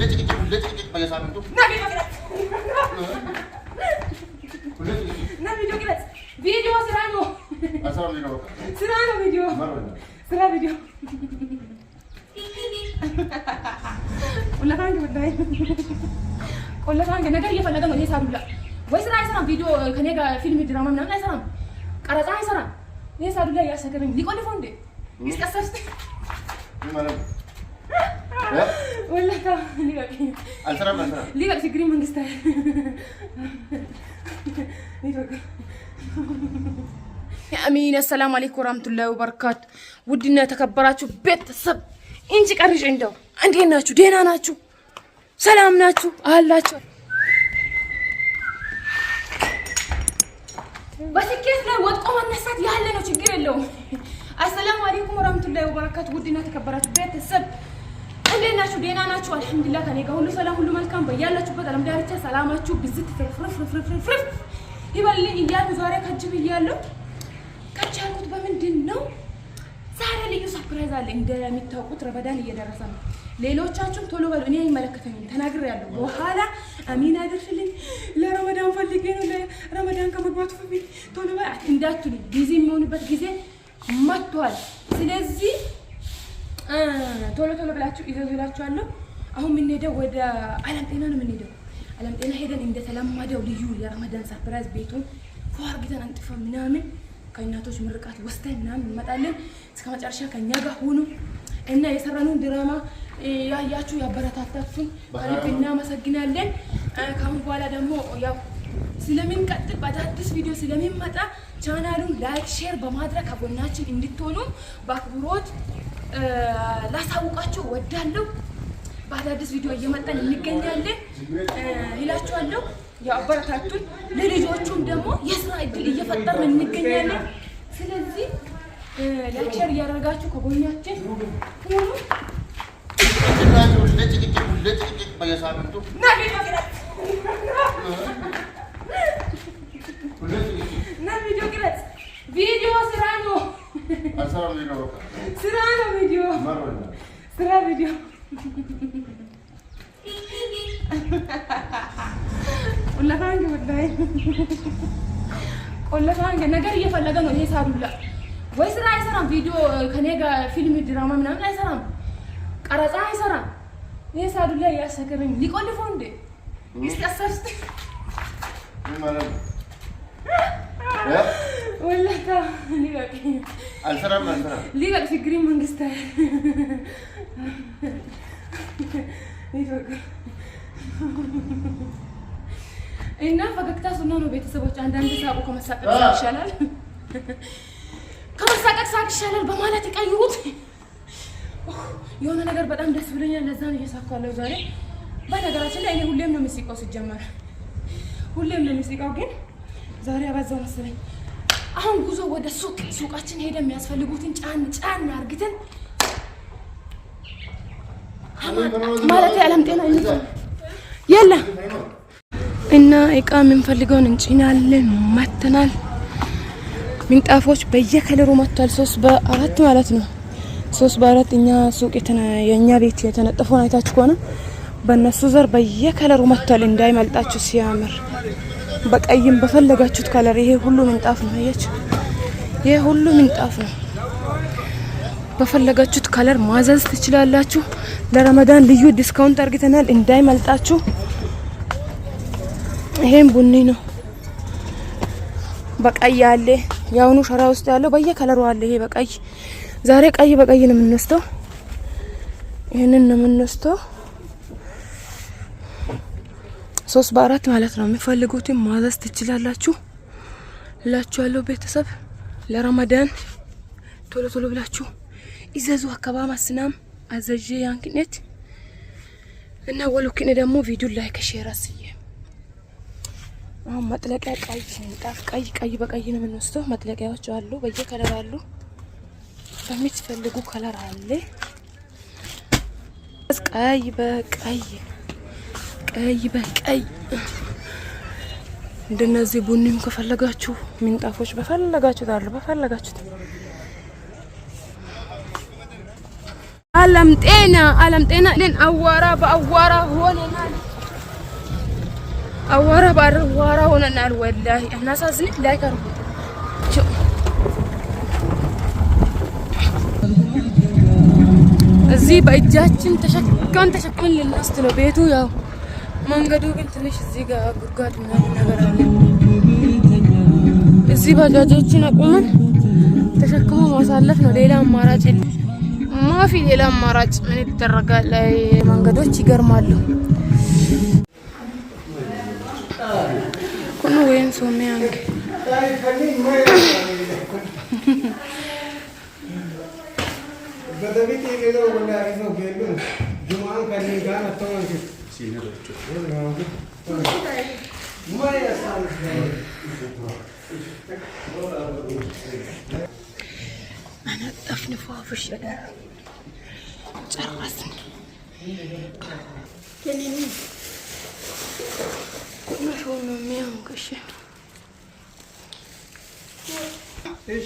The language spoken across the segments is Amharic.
ነገር እየፈለገ ነው። ይሄ ሳዱላ ወይ ስራ አይሰራም። ቪዲዮ ከኔ ጋር ፊልም፣ ድራማ ምናምን አይሰራም። ቀረጻ አይሰራም። ይሄ ሳዱላ እያሰገረኝ ሊቆልፈው እንዴ ይስቀሰስ ሊቀቅ ችግር መንግስት አሚን። አሰላሙ አለይኩም ወራህመቱላሂ ወበረካቱ። ውድና ተከበራችሁ ቤተሰብ እንጂ ቀርጬ እንደው እንዴት ናችሁ? ደህና ናችሁ? ሰላም ናችሁ? አላችሁ በስኬት ላይ ወጥቆ መነሳት ያለ ነው፣ ችግር የለውም። አሰላሙ አለይኩም ወራህመቱላሂ ወበረካቱ። ውድና የተከበራችሁ ቤተሰብ እንዴት ናችሁ? ደህና ናችሁ? አልሐምዱሊላህ ከኔ ጋር ሁሉ ሰላም፣ ሁሉ መልካም። በያላችሁበት አለም ዳርቻ ሰላማችሁ ብዝት ትርፍርፍርፍርፍ ይበልልኝ እያሉ ዛሬ ከጅ ብያለሁ። ከጅ ያልኩት በምንድን ነው? ዛሬ ልዩ ሰርፕራይዝ አለ። እንደሚታወቁት ረመዳን እየደረሰ ነው። ሌሎቻችሁም ቶሎ በሉ፣ እኔ አይመለከተኝም። ተናግሬያለሁ። በኋላ አሚን አድርሽልኝ ለረመዳን ፈልጌ ነው ለረመዳን ከመግባቱ በፊት ቶሎ በሉ እንዳትሉ፣ ጊዜ የሚሆንበት ጊዜ መጥቷል። ስለዚህ ቶሎ ቶሎ ብላችሁ ይዘዙ ይላችኋለሁ። አሁን የምንሄደው ወደ አለም ጤና ነው የምንሄደው። አለም ጤና ሄደን እንደተለመደው ልዩ የረመዳን ሰርፕራይዝ ቤቱን ፏ አርግተን ምናምን ከእናቶች ምርቃት ወስደን ምናምን እንመጣለን። እስከ መጨረሻ ከእኛ ጋር ሆኑ እና የሰራነውን ድራማ ያያችሁ ያበረታታችሁን ከልብ እናመሰግናለን። ከአሁን በኋላ ደግሞ ያው ስለምንቀጥል በአዳዲስ ቪዲዮ ስለምንመጣ ቻናሉን ላይክ፣ ሼር በማድረግ ከጎናችን እንድትሆኑ በአክብሮት ላሳውቃችሁ ወዳለሁ። በአዳዲስ ቪዲዮ እየመጣን እንገኛለን ይላችኋለሁ። የአበረታቱን ለልጆቹም ደግሞ የስራ እድል እየፈጠርን እንገኛለን። ስለዚህ ሌክቸር እያደረጋችሁ ከጎኛችን ሁኑ። ቪዲዮ ስራ ነው ስራ ስራ ቪዲዮ ቆለፋን ወላሂ ቆለፋን ነገር እየፈለገ ነው ይሄ ሳዱላ ወይ ስራ አይሰራም። ቪዲዮ ከኔ ጋር ፊልም፣ ድራማ ምናምን አይሰራም። ቀረጻ አይሰራም። ይሄ ሳዱላ እያሰከረኝ ሊቆልፈው እንዴ ይስቀሰስ አልሰራም አልሰራም ሊበቅ ችግሪ መንግስት እና ፈገግታ ሱና ነው። ቤተሰቦች አንዳንድ ሳቁ ከመሳቀቅ ሳቅ ይሻላል፣ ከመሳቀቅ ሳቅ ይሻላል በማለት ይቀይሩት። የሆነ ነገር በጣም ደስ ብለኛል። ለዛ ነው እየሳኩ ዛሬ። በነገራችን ላይ እኔ ሁሌም ነው የሚስቀው ሲጀመር፣ ሁሌም ነው የሚስቀው ግን ዛሬ አባዛው መሰለኝ። አሁን ጉዞ ወደ ሱቅ ሱቃችን ሄደ የሚያስፈልጉትን ጫን ጫን አርግተን ማለት ያለም ጤና የለ እና እቃ የምንፈልገውን እንጭናለን። መተናል። ምንጣፎች በየከለሩ መጥቷል። ሶስት በአራት ማለት ነው። ሶስት በአራት እኛ ሱቅ የእኛ ቤት የተነጠፈውን አይታችሁ ከሆነ በእነሱ ዘር በየከለሩ መጥቷል። እንዳይመልጣችሁ ሲያምር በቀይም በፈለጋችሁት ከለር ይሄ ሁሉ ምንጣፍ ነው። አያችሁ፣ ይሄ ሁሉ ምንጣፍ ነው። በፈለጋችሁት ከለር ማዘዝ ትችላላችሁ። ለረመዳን ልዩ ዲስካውንት አርግተናል፣ እንዳይመልጣችሁ። ይሄም ቡኒ ነው፣ በቀይ አለ። የአሁኑ ሸራ ውስጥ ያለው በየከለሩ አለ። ይሄ በቀይ ዛሬ ቀይ በቀይ ነው የምንወስደው። ይህንን ነው የምንወስደው። ሶስት በአራት ማለት ነው። የሚፈልጉትን ማዘዝ ትችላላችሁ ላችሁ ያለው ቤተሰብ ለረመዳን ቶሎ ቶሎ ብላችሁ ይዘዙ። አካባ ማስናም አዘዤ ያንክኔት እና ወሉክኔ ደግሞ ቪዲዮ ላይክ ሼር አስዬ አሁን መጥለቂያ ቀይ ንጣፍ ቀይ ቀይ በቀይ ነው የምንወስደው። መጥለቂያዎች አሉ፣ በየከለር አሉ። በሚትፈልጉ ከለር አለ። ቀይ በቀይ ቀይ በቀይ እንደነዚህ ቡኒም ከፈለጋችሁ ምንጣፎች በፈለጋችሁት አሉ። በፈለጋችሁት አለም ጤና አለም ጤና ለን አዋራ በአዋራ ሆነናል። አዋራ በአዋራ ሆነናል። ወላሂ እናሳዝን ላይ ከርቡ እዚህ በእጃችን ተሸከን ተሸከን ልናስት ነው ቤቱ ያው መንገዱ ግን ትንሽ እዚህ ጋር ጉድጓድ ምናምን ነገር አለ። እዚህ ባጃጆችን አቁመን ተሸክሞ ማሳለፍ ነው። ሌላ አማራጭ ማፊ፣ ሌላ አማራጭ ምን ይደረጋል? መንገዶች ይገርማሉ። ኩኑ ወይም ሶሜ አንግ سينر ما يا أنا أضف نفوف الشارع ترقصني تنيني نحو أمي وكشي ايش؟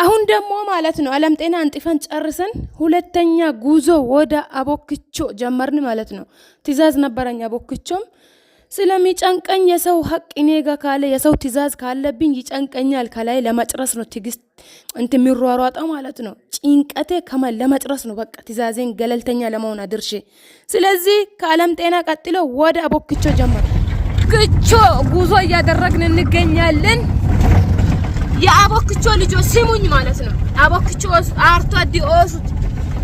አሁን ደግሞ ማለት ነው አለም ጤና አንጥፈን ጨርሰን ሁለተኛ ጉዞ ወደ አቦክቾ ጀመርን ማለት ነው። ትዛዝ ነበረኝ አቦክቾም ስለሚጨንቀኝ የሰው ሀቅ እኔ ጋ ካለ የሰው ትእዛዝ ካለብኝ ይጨንቀኛል። ከላይ ለመጭረስ ነው ትግስት እንት የሚሯሯጠው ማለት ነው። ጭንቀቴ ከማ ለመጨረስ ነው። በቃ ትእዛዜን ገለልተኛ ለመሆን አድርሼ ስለዚህ ከአለም ጤና ቀጥሎ ወደ አቦክቾ ጀመር ግቾ ጉዞ እያደረግን እንገኛለን። የአቦክቾ ልጆች ስሙኝ ማለት ነው። አቦክቾ አርቶ አዲ ኦሱት፣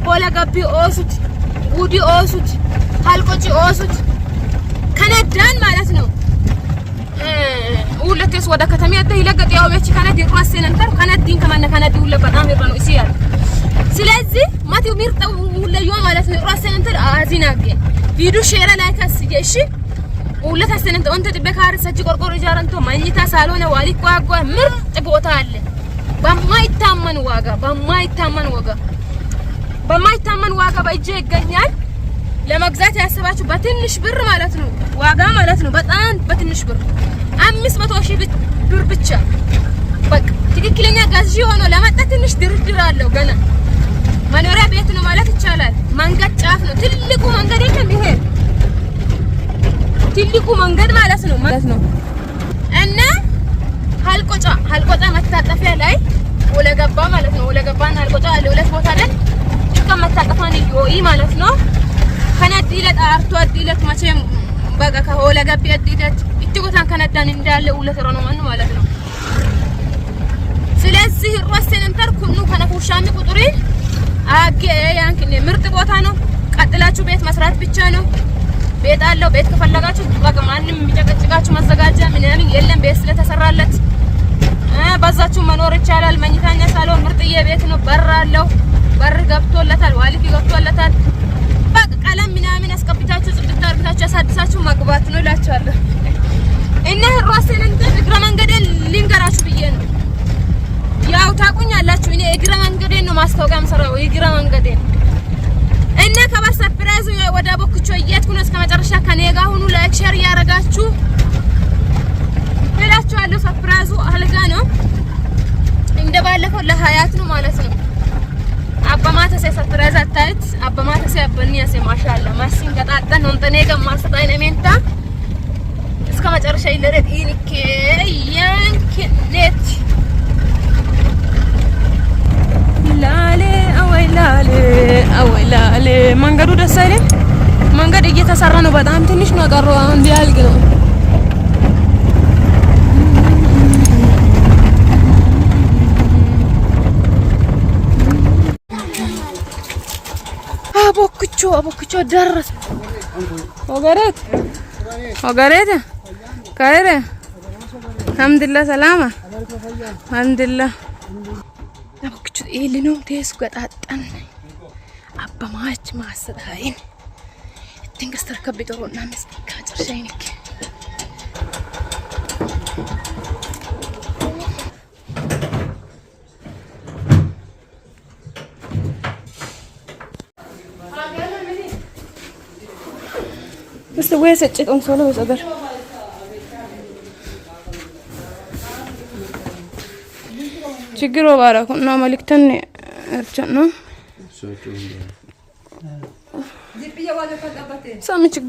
ቦለገቢ ኦሱት፣ ጉዲ ኦሱት፣ ሀልቆጭ ኦሱት ከነዳን ማለት ነው። ሁለቴስ ወደ ከተማ ያደ ይለቀጥ ያው ቤት ከነዲ ራስ ነበር ከነዲን ከማነ ከነዲ ሁለ በጣም ይባሉ እሺ ያለ ስለዚህ ማቲው ምርጠው ሁለ ማለት ነው ራስ ነበር አዚናገ ቪዲዮ ሼር ላይ ከስየ እሺ ሁለታችንን ኦንተ ጥበካር ሰች ቆርቆሮ ጃረንቶ መኝታ ሳልሆነ ዋሊ ቋቋ ምርጥ ቦታ አለ። በማይታመን ዋጋ በማይታመን ዋጋ በማይታመን ዋጋ በእጅ ይገኛል። ለመግዛት ያሰባችሁ በትንሽ ብር ማለት ነው ዋጋ ማለት ነው። በጣም በትንሽ ብር አምስት መቶ ሺህ ብር ብቻ በቃ ትክክለኛ ገዢ ሆኖ ለመጣ ትንሽ ድርድር አለው። ገና መኖሪያ ቤት ነው ማለት ይቻላል። መንገድ ጫፍ ነው ትልቁ መንገድ የለም ትልቁ መንገድ ማለት ነው ማለት ነው እና ሀልቆጫ ሀልቆጫ መታጠፊያ ላይ ወለገባ ማለት ነው። ወለገባና ሀልቆጫ አለ ሁለት ቦታ ላይ ጭቃ መታጠፋን ይወይ ማለት ነው። ከነዲ ለት አርቶ አዲለት ለት መቼም በቃ ከወለገብ አዲ ለት እትጎታን ከነዳን እንዳለ ሁለት ሮኖ ማን ማለት ነው። ስለዚህ ራስን ተርኩኑ ከነኩሻን ቁጥሪ አገ ያንክ ምርጥ ቦታ ነው። ቀጥላችሁ ቤት መስራት ብቻ ነው። ቤት አለው። ቤት ከፈለጋችሁ በቃ ማንም የሚጨቀጭቃችሁ መዘጋጃ ምናምን የለም። ቤት ስለተሰራለት በዛችሁ መኖር ይቻላል። መኝታኛ ሳሎን ምርጥዬ ቤት ነው። በር አለው። በር ገብቶለታል፣ ዋልፊ ገብቶለታል። በቃ ቀለም ምናምን አስቀብታችሁ ጽድት አድርጋችሁ ያሳድሳችሁ መግባት ነው እላችኋለሁ። እና ራሴን እንትን እግረ መንገዴን ሊንገራችሁ ብዬ ነው። ያው ታቁኛላችሁ። እኔ እግረ መንገዴን ነው ማስታወቂያ የምሰራው እግረ መንገዴን ወደ ቦክቾ እየሄድኩ ነው። እስከ መጨረሻ ከኔ ጋር ሁኑ። ላይክ ሼር እያደረጋችሁ እላችኋለሁ። ሰርፕራይዙ አልጋ ነው እንደ ባለፈው ለሀያት ነው ማለት ነው። አበማተ ሰ ሰርፕራይዝ አታዩት። አበማተ ሰ አበኒያ ሰ ማሻአላ ማሲን ገጣጣ ነው እንተኔ ጋር ማስተጣይ ነው ሜንታ እስከ መጨረሻ ይለረድ ኢንኬ ያንኬ ኔት ላሌ አወይ ላሌ አወይ ላሌ መንገዱ ደስ አይደል? መንገድ እየተሰራ ነው። በጣም ትንሽ ነው ቀሩ። አሁን ሊያልቅ ነው። አቦክቾ አቦክቾ ደረሰ። ወገሬት ወገሬት ከሬ አልሐምዱሊላህ ሰላም አልሐምዱሊላህ አቦክቾ ይሄ ልነው ቴስ ገጣጣን አባማች ማሰዳይን ድንገስተርከቢ ጥሩ ምስ ከመጨረሻ ይንክ ስ ወይ ሰጭ ጦንሶሎ በጸበር ችግሮ ባረኩና መልክተን እርቸ ነው Самі чик